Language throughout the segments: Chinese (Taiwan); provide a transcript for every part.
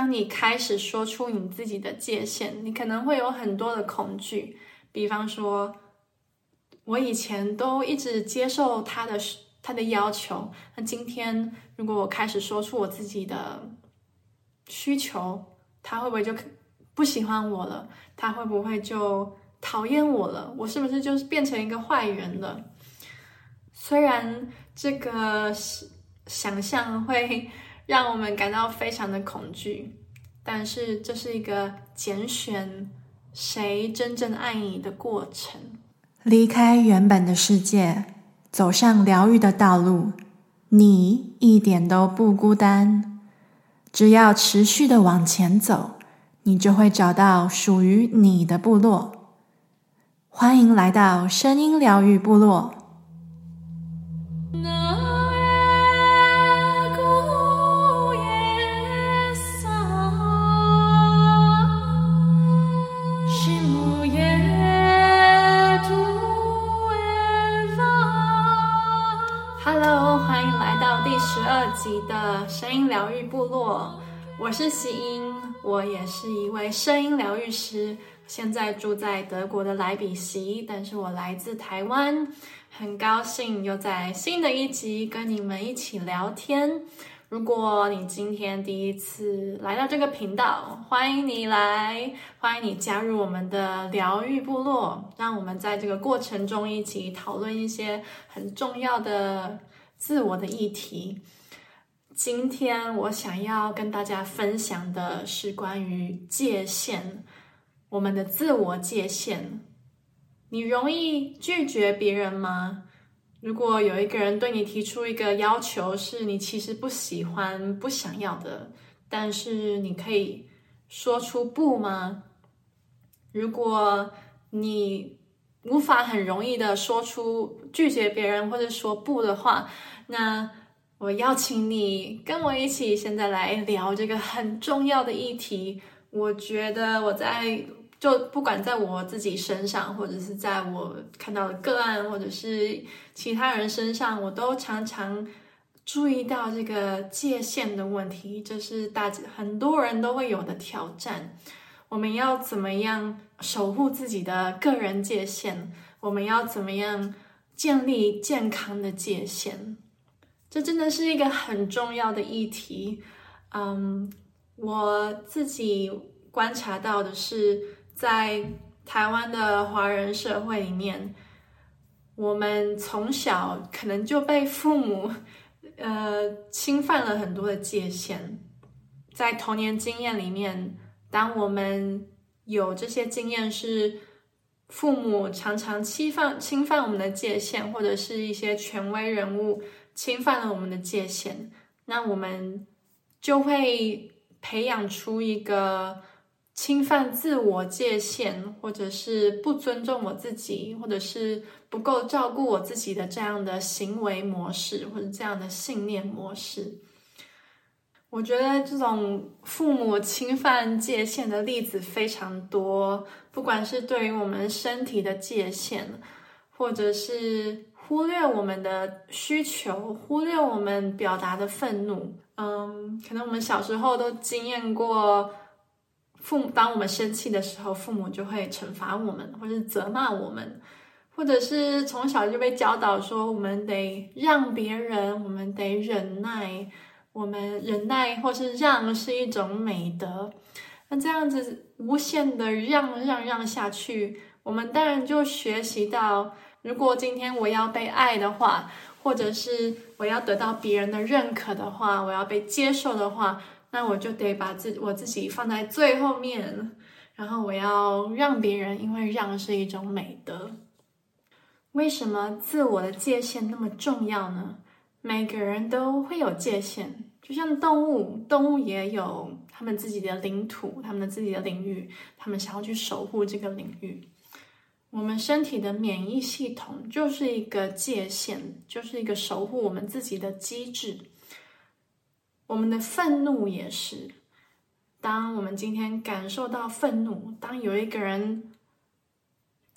當你開始說出你自己的界限，你可能會有很多的恐懼。比方說，我以前都一直接受他的他的要求，那今天如果我開始說出我自己的需求，他會不會就不喜歡我了？他會不會就討厭我了？我是不是就是變成一個壞人了？雖然這個想象會讓我們感到非常的恐懼，但是這是一個揀選誰真正愛你的過程。離開原本的世界，走上療癒的道路，你一點都不孤單。只要持續的往前走，你就會找到屬於你的部落。歡迎來到聲音療癒部落。療癒部落，我是希音，我也是一位聲音療癒師，現在住在德國的萊比錫，但是我來自台灣，很高興又在新的一集跟你們一起聊天。如果你今天第一次來到這個頻道，歡迎你來，歡迎你加入我們的療癒部落，讓我們在這個過程中一起討論一些很重要的自我的議題。今天我想要跟大家分享的是關於界限，我們的自我界限。你容易拒絕別人嗎？如果有一個人對你提出一個要求，是你其實不喜歡、不想要的，但是你可以說出不嗎？如果你無法很容易的說出拒絕別人或者說不的話，那。我邀請你跟我一起，現在來聊這個很重要的議題。我覺得我在就不管在我自己身上，或者是在我看到的個案，或者是其他人身上，我都常常注意到這個界限的問題。這、就是大很多人都會有的挑戰。我們要怎麼樣守護自己的個人界限？我們要怎麼樣建立健康的界限？這真的是一個很重要的議題。嗯，um，我自己觀察到的是，在台灣的華人社會裡面，我們從小可能就被父母呃侵犯了很多的界限。在童年經驗裡面，當我們有這些經驗，是父母常常侵犯侵犯我們的界限，或者是一些權威人物。侵犯了我們的界限，那我們就會培養出一個侵犯自我界限，或者是不尊重我自己，或者是不夠照顧我自己的這樣的行為模式，或者這樣的信念模式。我覺得這種父母侵犯界限的例子非常多，不管是對於我們身體的界限，或者是。忽略我們的需求，忽略我們表達的憤怒。嗯，可能我們小時候都經驗過，父母當我們生氣的時候，父母就會懲罰我們，或者責罵我們，或者是從小就被教導說，我們得讓別人，我們得忍耐，我們忍耐或是讓是一種美德。那這樣子無限的讓讓讓下去，我們當然就學習到。如果今天我要被愛的話，或者是我要得到別人的認可的話，我要被接受的話，那我就得把自我自己放在最後面，然後我要讓別人，因為讓是一種美德。為什麼自我的界限那麼重要呢？每個人都會有界限，就像動物，動物也有他們自己的領土，他們自己的領域，他們想要去守護這個領域。我們身體的免疫系統就是一個界限，就是一個守護我們自己的機制。我們的憤怒也是。當我們今天感受到憤怒，當有一個人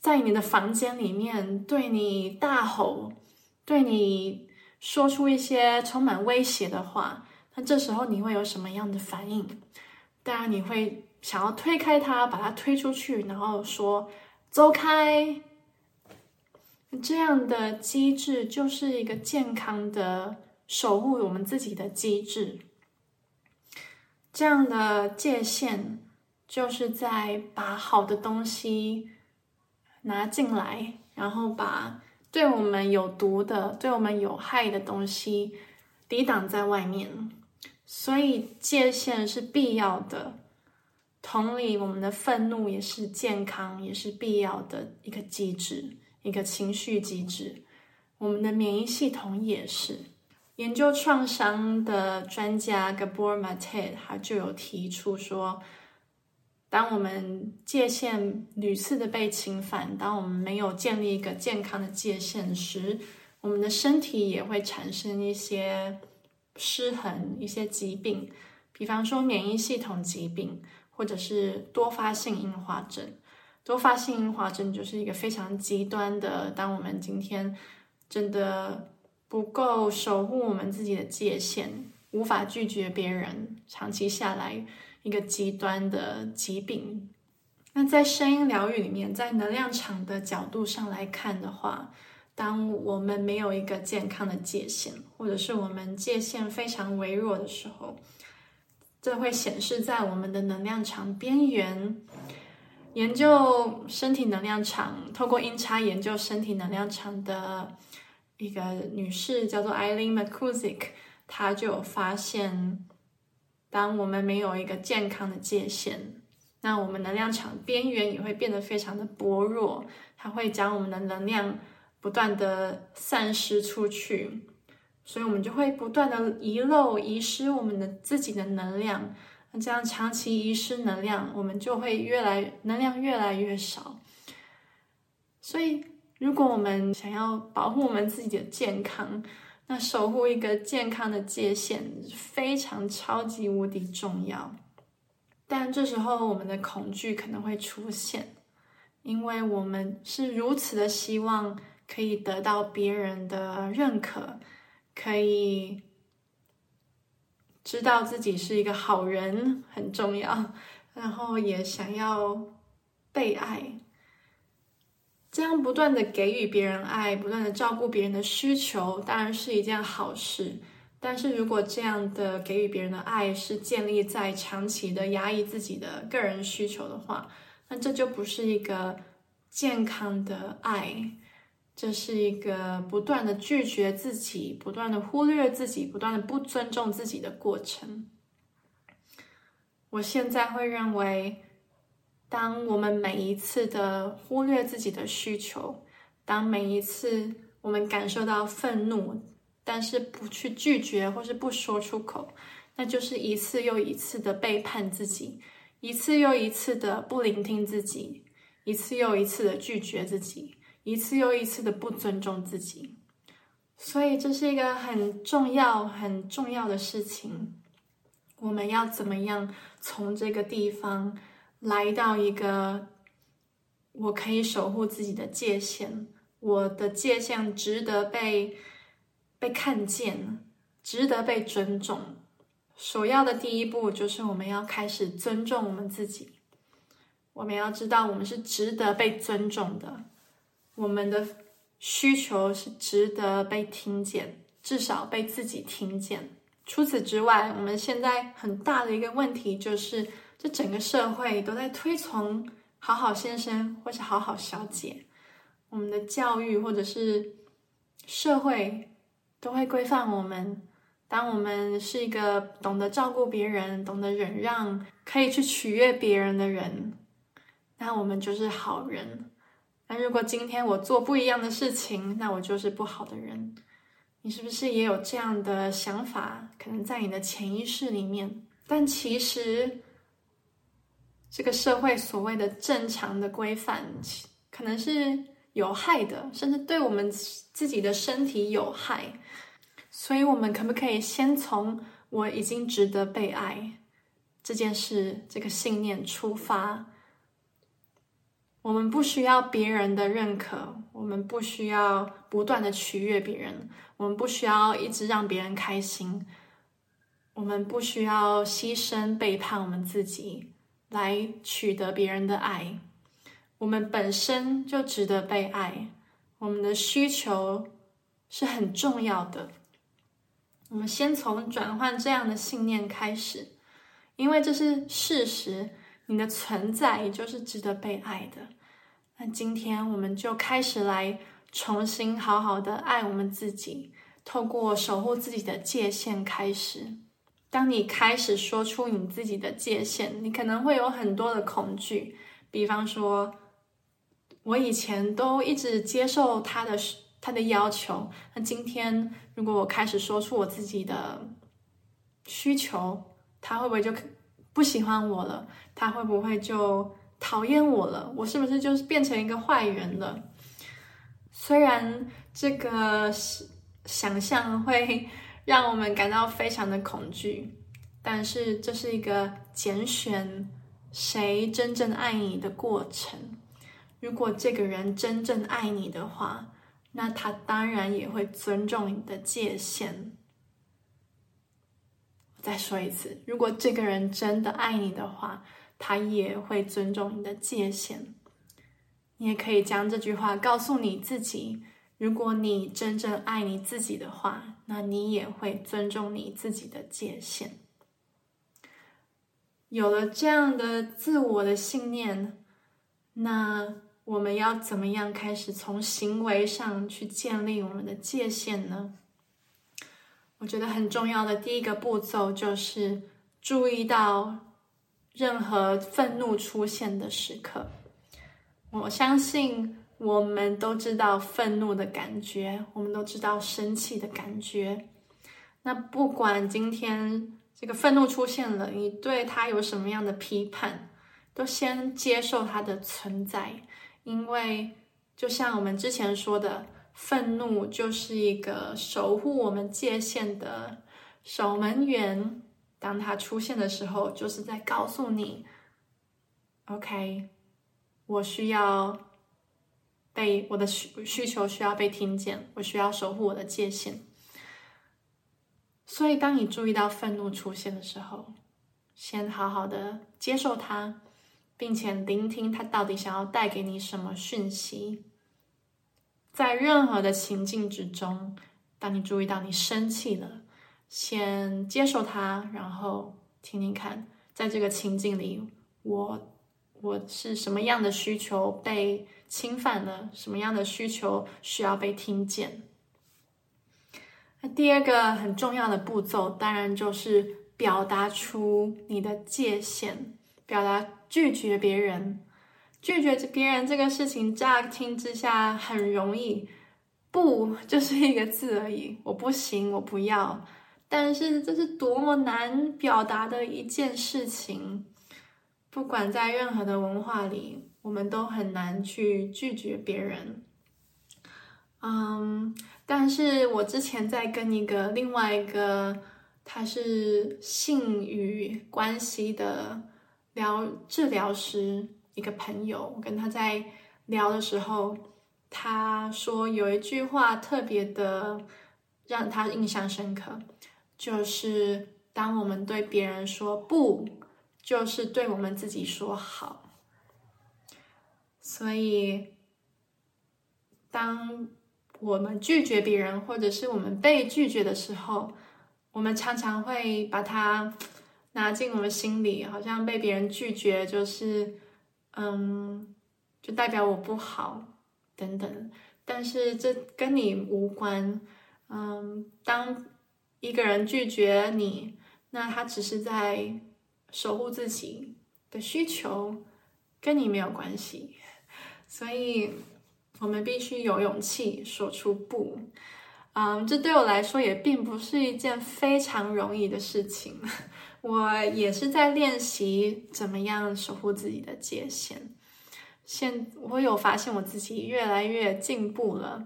在你的房間裡面對你大吼，對你說出一些充滿威脅的話，那這時候你會有什麼樣的反應？當然，你會想要推開他，把他推出去，然後說。走開！這樣的機制就是一個健康的守護我們自己的機制。這樣的界限就是在把好的東西拿進來，然後把對我們有毒的、對我們有害的東西抵擋在外面。所以，界限是必要的。同理，我們的憤怒也是健康，也是必要的一個機制，一個情緒機制。我們的免疫系統也是。研究創傷的專家 Gabor Maté，他就有提出說，當我們界限屢次的被侵犯，當我們沒有建立一個健康的界限時，我們的身體也會產生一些失衡、一些疾病，比方說免疫系統疾病。或者是多發性硬化症，多發性硬化症就是一個非常極端的，當我們今天真的不夠守護我們自己的界限，無法拒絕別人，長期下來一個極端的疾病。那在聲音療癒裡面，在能量場的角度上來看的話，當我們沒有一個健康的界限，或者是我們界限非常微弱的時候。這會顯示在我們的能量場邊緣。研究身體能量場，透過音叉研究身體能量場的一個女士叫做 Eileen McCusick，她就發現，當我們沒有一個健康的界限，那我們能量場邊緣也會變得非常的薄弱，它會將我們的能量不斷的散失出去。所以，我們就會不斷的遺漏、遺失我們的自己的能量。那這樣長期遺失能量，我們就會越來能量越來越少。所以，如果我們想要保護我們自己的健康，那守護一個健康的界限非常超級無敵重要。但這時候，我們的恐懼可能會出現，因為我們是如此的希望可以得到別人的認可。可以知道自己是一個好人很重要，然後也想要被愛。這樣不斷的給予別人愛，不斷的照顧別人的需求，當然是一件好事。但是如果這樣的給予別人的愛是建立在長期的壓抑自己的個人需求的話，那這就不是一個健康的愛。這是一個不斷的拒絕自己、不斷的忽略自己、不斷的不尊重自己的過程。我現在會認為，當我們每一次的忽略自己的需求，當每一次我們感受到憤怒，但是不去拒絕或是不說出口，那就是一次又一次的背叛自己，一次又一次的不聆聽自己，一次又一次的拒絕自己。一次又一次的不尊重自己，所以這是一個很重要，很重要的事情。我們要怎麼樣從這個地方來到一個我可以守護自己的界限？我的界限值得被被看見，值得被尊重。首要的第一步就是我們要開始尊重我們自己。我們要知道我們是值得被尊重的。我們的需求是值得被聽見，至少被自己聽見。除此之外，我們現在很大的一個問題就是，這整個社會都在推崇“好好先生”或是“好好小姐”。我們的教育或者是社會都會規範我們，當我們是一個懂得照顧別人、懂得忍讓、可以去取悅別人的人，那我們就是好人。那如果今天我做不一樣的事情，那我就是不好的人。你是不是也有這樣的想法？可能在你的潛意識裡面。但其實，這個社會所謂的正常的規範，可能是有害的，甚至對我們自己的身體有害。所以，我們可不可以先從“我已經值得被愛”這件事、這個信念出發？我們不需要別人的認可，我們不需要不斷的取悅別人，我們不需要一直讓別人開心，我們不需要犧牲背叛我們自己來取得別人的愛，我們本身就值得被愛，我們的需求是很重要的。我們先從轉換這樣的信念開始，因為這是事實。你的存在就是值得被愛的。那今天我們就開始來重新好好的愛我們自己，透過守護自己的界限開始。當你開始說出你自己的界限，你可能會有很多的恐懼。比方說，我以前都一直接受他的他的要求，那今天如果我開始說出我自己的需求，他會不會就不喜歡我了，他會不會就討厭我了？我是不是就是變成一個壞人了？雖然這個想象會讓我們感到非常的恐懼，但是這是一個揀選誰真正愛你的過程。如果這個人真正愛你的話，那他當然也會尊重你的界限。再說一次，如果這個人真的愛你的話，他也會尊重你的界限。你也可以將這句話告訴你自己，如果你真正愛你自己的話，那你也會尊重你自己的界限。有了這樣的自我的信念，那我們要怎麼樣開始從行為上去建立我們的界限呢？我覺得很重要的第一個步驟就是注意到任何憤怒出現的時刻。我相信我們都知道憤怒的感覺，我們都知道生氣的感覺。那不管今天這個憤怒出現了，你對它有什麼樣的批判，都先接受它的存在，因為就像我們之前說的。憤怒就是一個守護我們界限的守門員。當他出現的時候，就是在告訴你：“OK，我需要被，我的需需求需要被聽見，我需要守護我的界限。”所以，當你注意到憤怒出現的時候，先好好的接受它，並且聆聽它到底想要帶給你什麼訊息。在任何的情境之中，當你注意到你生氣了，先接受它，然後聽聽看，在這個情境裡，我我是什麼樣的需求被侵犯了，什麼樣的需求需要被聽見。那第二個很重要的步驟，當然就是表達出你的界限，表達拒絕別人。拒絕別人這個事情，乍聽之下很容易，不就是一個字而已，我不行，我不要。但是這是多麼難表達的一件事情。不管在任何的文化裡，我們都很難去拒絕別人。嗯，但是我之前在跟一個另外一個，他是性與關係的療治療師。一個朋友，我跟他在聊的時候，他說有一句話特別的讓他印象深刻，就是當我們對別人說不，就是對我們自己說好。所以，當我們拒絕別人或者是我們被拒絕的時候，我們常常會把它拿進我們心裡，好像被別人拒絕就是。嗯，就代表我不好，等等。但是這跟你無關。嗯，當一個人拒絕你，那他只是在守護自己的需求，跟你沒有關係。所以，我們必須有勇氣說出不。嗯，這對我來說也並不是一件非常容易的事情。我也是在練習怎麼樣守護自己的界限。現我有發現我自己越來越進步了。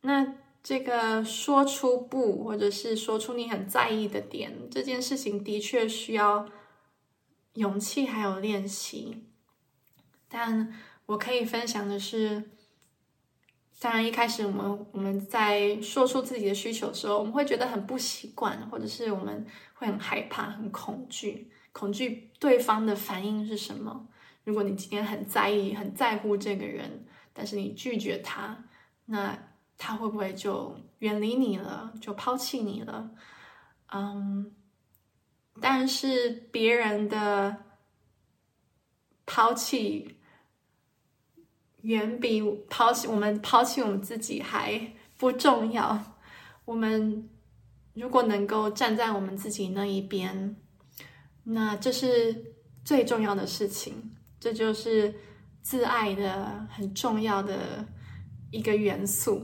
那這個說出不，或者是說出你很在意的點，這件事情的確需要勇氣還有練習。但我可以分享的是，當然一開始我們我們在說出自己的需求的時候，我們會覺得很不習慣，或者是我們。會很害怕，很恐懼，恐懼對方的反應是什麼？如果你今天很在意、很在乎這個人，但是你拒絕他，那他會不會就遠離你了，就拋棄你了？嗯，但是別人的拋棄遠比拋棄我們拋棄我們自己還不重要，我們。如果能夠站在我們自己那一邊，那這是最重要的事情，這就是自愛的很重要的一個元素。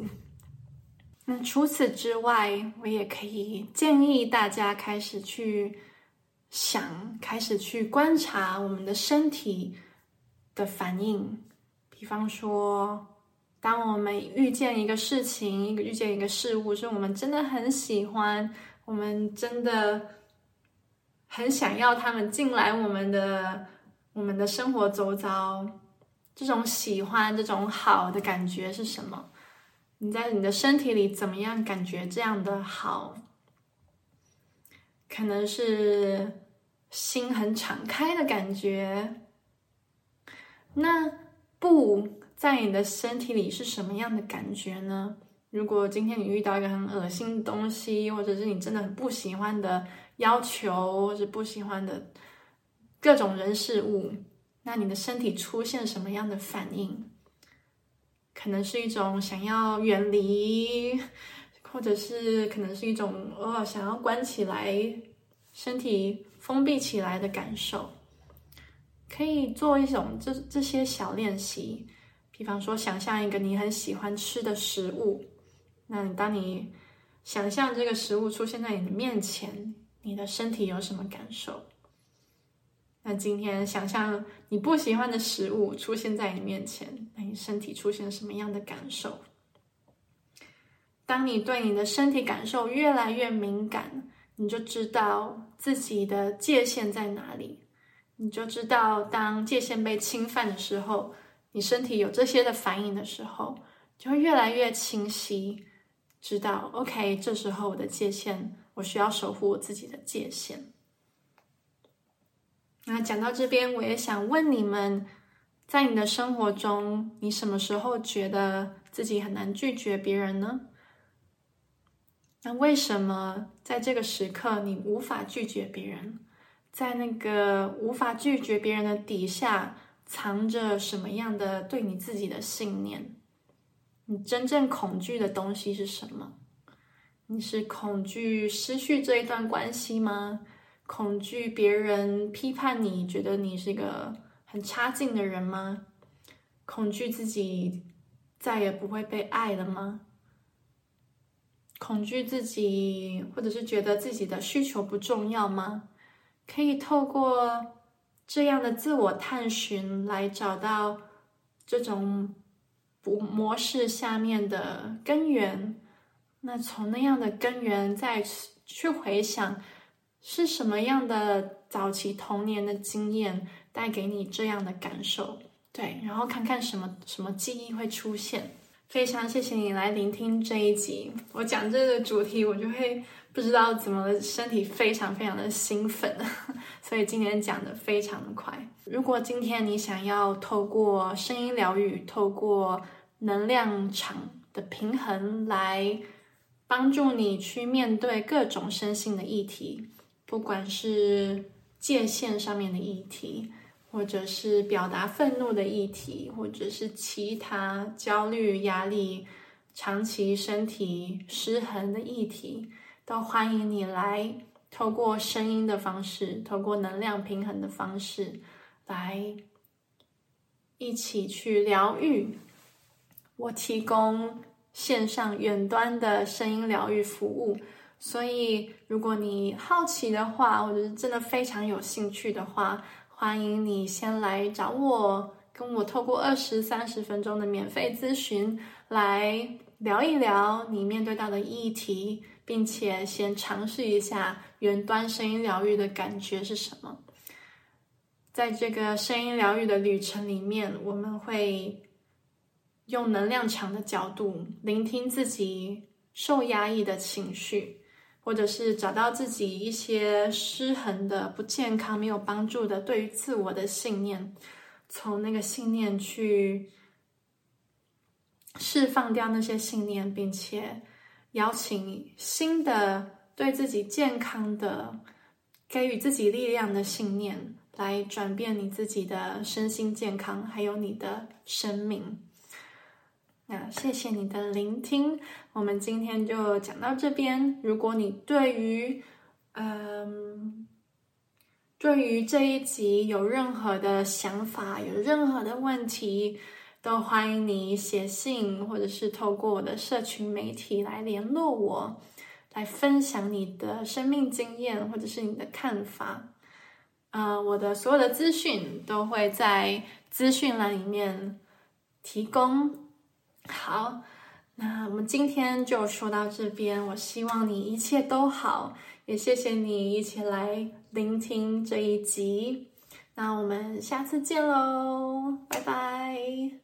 那除此之外，我也可以建議大家開始去想，開始去觀察我們的身體的反應，比方說。當我們遇見一個事情，一個遇見一個事物，是我們真的很喜歡，我們真的很想要他們進來我們的我們的生活周遭。這種喜歡，這種好的感覺是什麼？你在你的身體裡怎麼樣感覺這樣的好？可能是心很敞開的感覺。那不。在你的身體裡是什麼樣的感覺呢？如果今天你遇到一個很惡心的東西，或者是你真的很不喜歡的要求，或者不喜歡的各種人事物，那你的身體出現什麼樣的反應？可能是一種想要遠離，或者是可能是一種、哦、想要關起來，身體封閉起來的感受。可以做一種這這些小練習。比方說，想象一個你很喜歡吃的食物，那你當你想象這個食物出現在你的面前，你的身體有什麼感受？那今天想象你不喜歡的食物出現在你面前，那你身體出現什麼樣的感受？當你對你的身體感受越來越敏感，你就知道自己的界限在哪裡，你就知道當界限被侵犯的時候。你身體有這些的反應的時候，就會越來越清晰，知道 OK，這時候我的界限，我需要守護我自己的界限。那講到這邊，我也想問你們，在你的生活中，你什麼時候覺得自己很難拒絕別人呢？那為什麼在這個時刻你無法拒絕別人？在那個無法拒絕別人的底下。藏着什麼樣的對你自己的信念？你真正恐懼的東西是什麼？你是恐懼失去這一段關係嗎？恐懼別人批判你覺得你是個很差勁的人嗎？恐懼自己再也不會被愛了嗎？恐懼自己，或者是覺得自己的需求不重要嗎？可以透過。這樣的自我探尋，來找到這種不模式下面的根源，那從那樣的根源再去回想，是什麼樣的早期童年的經驗帶給你這樣的感受？對，然後看看什麼什麼記憶會出現。非常謝謝你來聆聽這一集，我講這個主題，我就會。不知道怎麼，身體非常非常的興奮，所以今天講的非常的快。如果今天你想要透過聲音療癒，透過能量場的平衡來幫助你去面對各種身心的議題，不管是界限上面的議題，或者是表達憤怒的議題，或者是其他焦慮、壓力、長期身體失衡的議題。都歡迎你來，透過聲音的方式，透過能量平衡的方式，來一起去療癒。我提供線上遠端的聲音療癒服務，所以如果你好奇的話，或者真的非常有興趣的話，歡迎你先來找我，跟我透過二十三十分鐘的免費諮詢來聊一聊你面對到的議題。並且先嘗試一下遠端聲音療癒的感覺是什麼？在這個聲音療癒的旅程裡面，我們會用能量場的角度聆聽自己受壓抑的情緒，或者是找到自己一些失衡的、不健康、沒有幫助的對於自我的信念，從那個信念去釋放掉那些信念，並且。邀請新的對自己健康的給予自己力量的信念來轉變你自己的身心健康，還有你的生命。那、啊、謝謝你的聆聽，我們今天就講到這邊。如果你對於嗯、呃、對於這一集有任何的想法，有任何的問題。都歡迎你寫信，或者是透過我的社群媒體來聯絡我，來分享你的生命經驗，或者是你的看法。嗯、呃，我的所有的資訊都會在資訊欄裡面提供。好，那我們今天就說到這邊，我希望你一切都好，也謝謝你一起來聆聽這一集。那我們下次見嘍，拜拜。